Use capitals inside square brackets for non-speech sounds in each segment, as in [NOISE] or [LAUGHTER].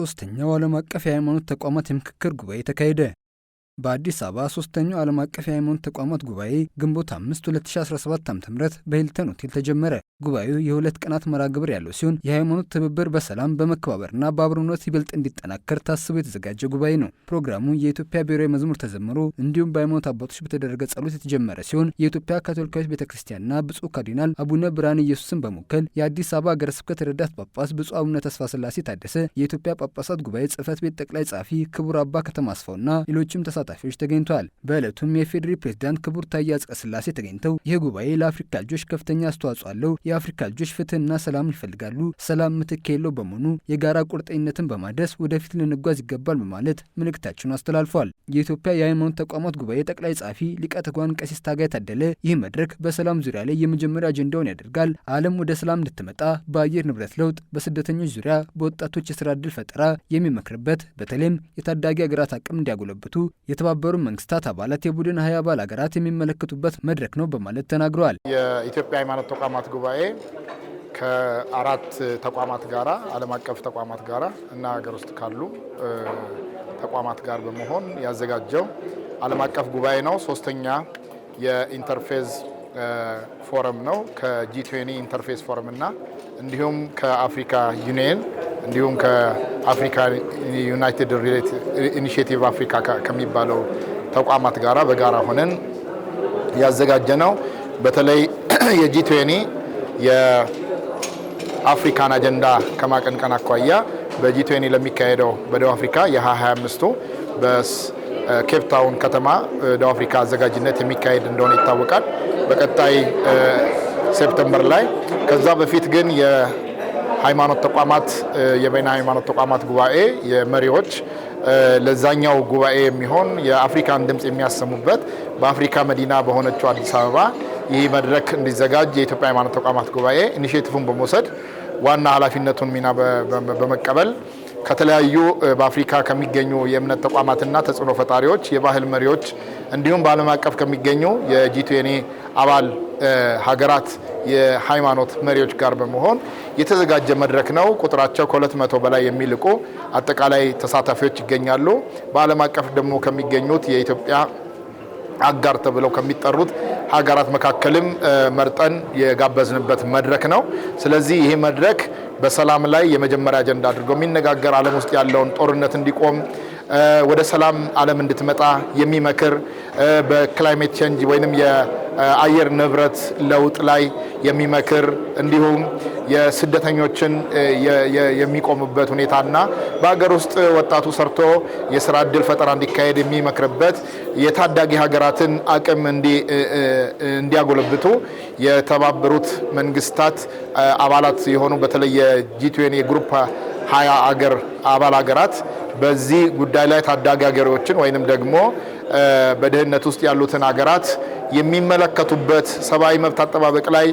ሦስተኛው ዓለም አቀፍ የሃይማኖት ተቋማት የምክክር ጉባኤ ተካሄደ። በአዲስ አበባ ሶስተኛው ዓለም አቀፍ የሃይማኖት ተቋማት ጉባኤ ግንቦት 5 2017 ዓ ም በሂልተን ሆቴል ተጀመረ። ጉባኤው የሁለት ቀናት መርሃ ግብር ያለው ሲሆን የሃይማኖት ትብብር በሰላም በመከባበርና በአብሮነት ይበልጥ እንዲጠናከር ታስቦ የተዘጋጀ ጉባኤ ነው። ፕሮግራሙ የኢትዮጵያ ብሔራዊ መዝሙር ተዘምሮ እንዲሁም በሃይማኖት አባቶች በተደረገ ጸሎት የተጀመረ ሲሆን የኢትዮጵያ ካቶሊካዊት ቤተ ክርስቲያንና ብፁዕ ካርዲናል አቡነ ብርሃን ኢየሱስን በመወከል የአዲስ አበባ ሀገረ ስብከት ረዳት ጳጳስ ብፁዕ አቡነ ተስፋ ስላሴ ታደሰ፣ የኢትዮጵያ ጳጳሳት ጉባኤ ጽህፈት ቤት ጠቅላይ ጸሐፊ ክቡር አባ ከተማ አስፋውና ሌሎችም ተሳ ተሳታፊዎች ተገኝተዋል። በዕለቱም የፌዴሪ ፕሬዚዳንት ክቡር ታዬ አጽቀሥላሴ ተገኝተው ይህ ጉባኤ ለአፍሪካ ልጆች ከፍተኛ አስተዋጽኦ አለው፣ የአፍሪካ ልጆች ፍትህና ሰላም ይፈልጋሉ፣ ሰላም ምትክ የለው በመሆኑ የጋራ ቁርጠኝነትን በማድረስ ወደፊት ልንጓዝ ይገባል በማለት መልእክታቸውን አስተላልፏል። የኢትዮጵያ የሃይማኖት ተቋማት ጉባኤ ጠቅላይ ጸሐፊ ሊቀ ትጉሃን ቀሲስ ታጋይ ታደለ ይህ መድረክ በሰላም ዙሪያ ላይ የመጀመሪያ አጀንዳውን ያደርጋል። ዓለም ወደ ሰላም እንድትመጣ በአየር ንብረት ለውጥ፣ በስደተኞች ዙሪያ፣ በወጣቶች የስራ ዕድል ፈጠራ የሚመክርበት በተለይም የታዳጊ ሀገራት አቅም እንዲያጎለብቱ የተባበሩ መንግስታት አባላት የቡድን ሀያ አባል ሀገራት የሚመለከቱበት መድረክ ነው በማለት ተናግረዋል። የኢትዮጵያ ሃይማኖት ተቋማት ጉባኤ ከአራት ተቋማት ጋራ ዓለም አቀፍ ተቋማት ጋራ እና ሀገር ውስጥ ካሉ ተቋማት ጋር በመሆን ያዘጋጀው ዓለም አቀፍ ጉባኤ ነው። ሶስተኛ የኢንተርፌዝ ፎረም ነው ከጂ20 ኢንተርፌስ ፎረም እና እንዲሁም ከአፍሪካ ዩኒየን እንዲሁም ከአፍሪካ ዩናይትድ ኢኒሽቲቭ አፍሪካ ከሚባለው ተቋማት ጋራ በጋራ ሆነን ነው። በተለይ [CLEARS THROAT] የጂ ትዌኒ የአፍሪካን አጀንዳ ከማቀንቀን አኳያ በጂ ትዌኒ ለሚካሄደው በደቡብ አፍሪካ የ2025ቱ በኬፕ ታውን ከተማ ደቡብ አፍሪካ አዘጋጅነት የሚካሄድ እንደሆነ ይታወቃል። በቀጣይ ሴፕተምበር ላይ ከዛ በፊት ግን ሃይማኖት ተቋማት የበይነ ሃይማኖት ተቋማት ጉባኤ የመሪዎች ለዛኛው ጉባኤ የሚሆን የአፍሪካን ድምፅ የሚያሰሙበት በአፍሪካ መዲና በሆነችው አዲስ አበባ ይህ መድረክ እንዲዘጋጅ የኢትዮጵያ ሃይማኖት ተቋማት ጉባኤ ኢኒሽቲቭን በመውሰድ ዋና ኃላፊነቱን ሚና በመቀበል ከተለያዩ በአፍሪካ ከሚገኙ የእምነት ተቋማትና ተጽዕኖ ፈጣሪዎች፣ የባህል መሪዎች እንዲሁም በዓለም አቀፍ ከሚገኙ የጂቱኔ አባል ሀገራት የሃይማኖት መሪዎች ጋር በመሆን የተዘጋጀ መድረክ ነው። ቁጥራቸው ከሁለት መቶ በላይ የሚልቁ አጠቃላይ ተሳታፊዎች ይገኛሉ። በዓለም አቀፍ ደግሞ ከሚገኙት የኢትዮጵያ አጋር ተብለው ከሚጠሩት ሀገራት መካከልም መርጠን የጋበዝንበት መድረክ ነው። ስለዚህ ይህ መድረክ በሰላም ላይ የመጀመሪያ አጀንዳ አድርገው የሚነጋገር ዓለም ውስጥ ያለውን ጦርነት እንዲቆም ወደ ሰላም ዓለም እንድትመጣ የሚመክር በክላይሜት ቼንጅ ወይም የአየር ንብረት ለውጥ ላይ የሚመክር እንዲሁም የስደተኞችን የሚቆሙበት ሁኔታና በሀገር ውስጥ ወጣቱ ሰርቶ የስራ እድል ፈጠራ እንዲካሄድ የሚመክርበት የታዳጊ ሀገራትን አቅም እንዲያጎለብቱ የተባበሩት መንግስታት አባላት የሆኑ በተለይ የጂ የግሩፕ ሀያ አገር አባል ሀገራት በዚህ ጉዳይ ላይ ታዳጊ ሀገሮችን ወይንም ደግሞ በድህነት ውስጥ ያሉትን ሀገራት የሚመለከቱበት ሰብአዊ መብት አጠባበቅ ላይ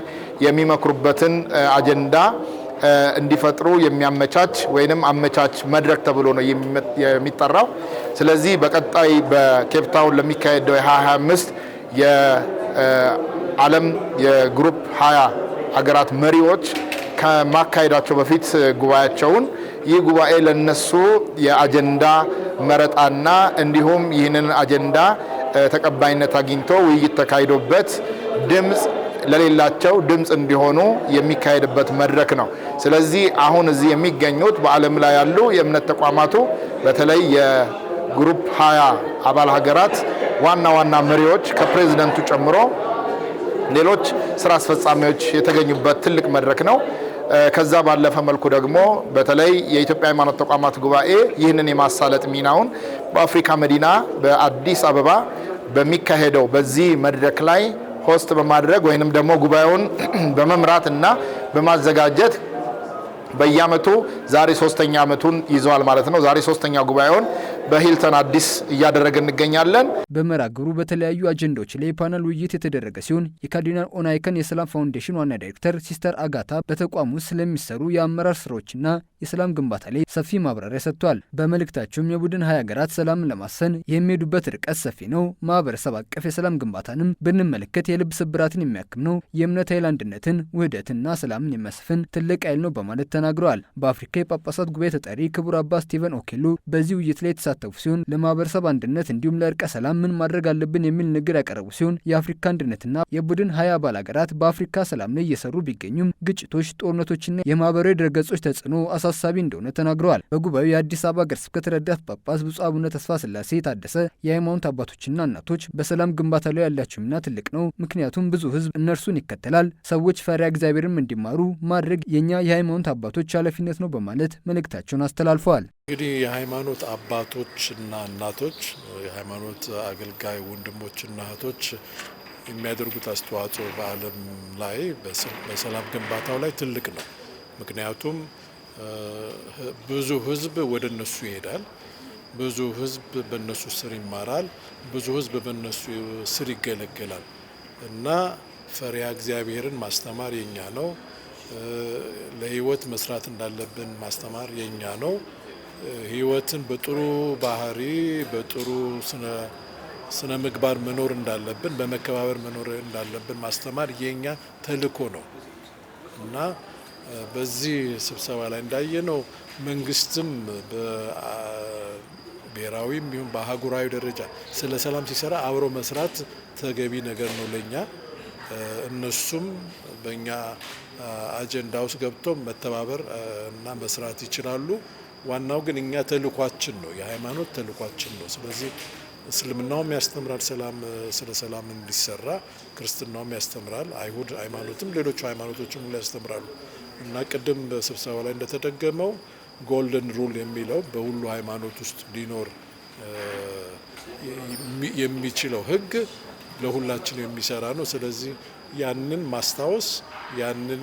የሚመክሩበትን አጀንዳ እንዲፈጥሩ የሚያመቻች ወይንም አመቻች መድረክ ተብሎ ነው የሚጠራው። ስለዚህ በቀጣይ በኬፕታውን ለሚካሄደው የ2025 የዓለም የግሩፕ 20 ሀገራት መሪዎች ከማካሄዳቸው በፊት ጉባኤያቸውን ይህ ጉባኤ ለነሱ የአጀንዳ መረጣና እንዲሁም ይህንን አጀንዳ ተቀባይነት አግኝቶ ውይይት ተካሂዶበት ድምፅ ለሌላቸው ድምፅ እንዲሆኑ የሚካሄድበት መድረክ ነው። ስለዚህ አሁን እዚህ የሚገኙት በዓለም ላይ ያሉ የእምነት ተቋማቱ በተለይ የግሩፕ ሀያ አባል ሀገራት ዋና ዋና መሪዎች ከፕሬዚደንቱ ጨምሮ ሌሎች ስራ አስፈጻሚዎች የተገኙበት ትልቅ መድረክ ነው። ከዛ ባለፈ መልኩ ደግሞ በተለይ የኢትዮጵያ ሃይማኖት ተቋማት ጉባኤ ይህንን የማሳለጥ ሚናውን በአፍሪካ መዲና በአዲስ አበባ በሚካሄደው በዚህ መድረክ ላይ ሆስት በማድረግ ወይንም ደግሞ ጉባኤውን [CLEARS THROAT] በመምራት እና በማዘጋጀት በየዓመቱ ዛሬ ሶስተኛ ዓመቱን ይዘዋል ማለት ነው። ዛሬ ሶስተኛ ጉባኤውን በሂልተን አዲስ እያደረገ እንገኛለን። በመርሃ ግብሩ በተለያዩ አጀንዳዎች ላይ የፓነል ውይይት የተደረገ ሲሆን የካርዲናል ኦናይከን የሰላም ፋውንዴሽን ዋና ዳይሬክተር ሲስተር አጋታ በተቋሙ ስለሚሰሩ የአመራር ስራዎችና የሰላም ግንባታ ላይ ሰፊ ማብራሪያ ሰጥቷል። በመልእክታቸውም የቡድን ሀያ ሀገራት ሰላምን ለማሰን የሚሄዱበት ርቀት ሰፊ ነው። ማህበረሰብ አቀፍ የሰላም ግንባታንም ብንመለከት የልብ ስብራትን የሚያክም ነው። የእምነት ኃይል አንድነትን፣ ውህደትና ሰላምን የሚያስፍን ትልቅ ኃይል ነው በማለት ተናግረዋል። በአፍሪካ የጳጳሳት ጉባኤ ተጠሪ ክቡር አባ ስቲቨን ኦኬሎ በዚህ ውይይት ላይ የተሳተፉ ሲሆን ለማህበረሰብ አንድነት እንዲሁም ለእርቀ ሰላም ምን ማድረግ አለብን የሚል ንግግር ያቀረቡ ሲሆን የአፍሪካ አንድነትና የቡድን ሀያ አባል ሀገራት በአፍሪካ ሰላም ላይ እየሰሩ ቢገኙም ግጭቶች፣ ጦርነቶችና የማህበራዊ ድረገጾች ተጽዕኖ አሳሳቢ እንደሆነ ተናግረዋል። በጉባኤው የአዲስ አበባ ሀገረ ስብከት ረዳት ጳጳስ ብፁዕ አቡነ ተስፋ ስላሴ የታደሰ የሃይማኖት አባቶችና እናቶች በሰላም ግንባታ ላይ ያላቸው ሚና ትልቅ ነው፣ ምክንያቱም ብዙ ህዝብ እነርሱን ይከተላል። ሰዎች ፈሪያ እግዚአብሔርም እንዲማሩ ማድረግ የእኛ የሃይማኖት አባቶች ኃላፊነት ነው በማለት መልእክታቸውን አስተላልፈዋል። እንግዲህ የሃይማኖት አባቶችና እናቶች፣ የሃይማኖት አገልጋይ ወንድሞችና እህቶች የሚያደርጉት አስተዋጽኦ በዓለም ላይ በሰላም ግንባታው ላይ ትልቅ ነው። ምክንያቱም ብዙ ህዝብ ወደ እነሱ ይሄዳል። ብዙ ህዝብ በእነሱ ስር ይማራል። ብዙ ህዝብ በእነሱ ስር ይገለገላል እና ፈሪያ እግዚአብሔርን ማስተማር የኛ ነው። ለህይወት መስራት እንዳለብን ማስተማር የኛ ነው። ህይወትን በጥሩ ባህሪ በጥሩ ስነ ምግባር መኖር እንዳለብን፣ በመከባበር መኖር እንዳለብን ማስተማር የኛ ተልእኮ ነው እና በዚህ ስብሰባ ላይ እንዳየነው መንግስትም ብሔራዊም ይሁን በአህጉራዊ ደረጃ ስለ ሰላም ሲሰራ አብሮ መስራት ተገቢ ነገር ነው ለኛ። እነሱም በእኛ አጀንዳ ውስጥ ገብቶ መተባበር እና መስራት ይችላሉ። ዋናው ግን እኛ ተልኳችን ነው፣ የሃይማኖት ተልኳችን ነው። ስለዚህ እስልምናውም ያስተምራል ሰላም ስለ ሰላም እንዲሰራ፣ ክርስትናውም ያስተምራል፣ አይሁድ ሃይማኖትም ሌሎቹ ሃይማኖቶችም ያስተምራሉ። እና ቅድም በስብሰባ ላይ እንደተደገመው ጎልደን ሩል የሚለው በሁሉ ሃይማኖት ውስጥ ሊኖር የሚችለው ህግ ለሁላችን የሚሰራ ነው። ስለዚህ ያንን ማስታወስ ያንን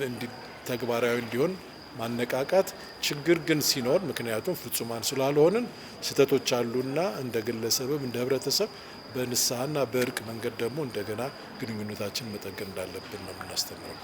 ተግባራዊ እንዲሆን ማነቃቃት ችግር ግን ሲኖር ምክንያቱም ፍጹማን ስላልሆንን ስህተቶች አሉና እንደ ግለሰብም እንደ ህብረተሰብ በንስሐና በእርቅ መንገድ ደግሞ እንደገና ግንኙነታችን መጠገን እንዳለብን ነው የምናስተምረው።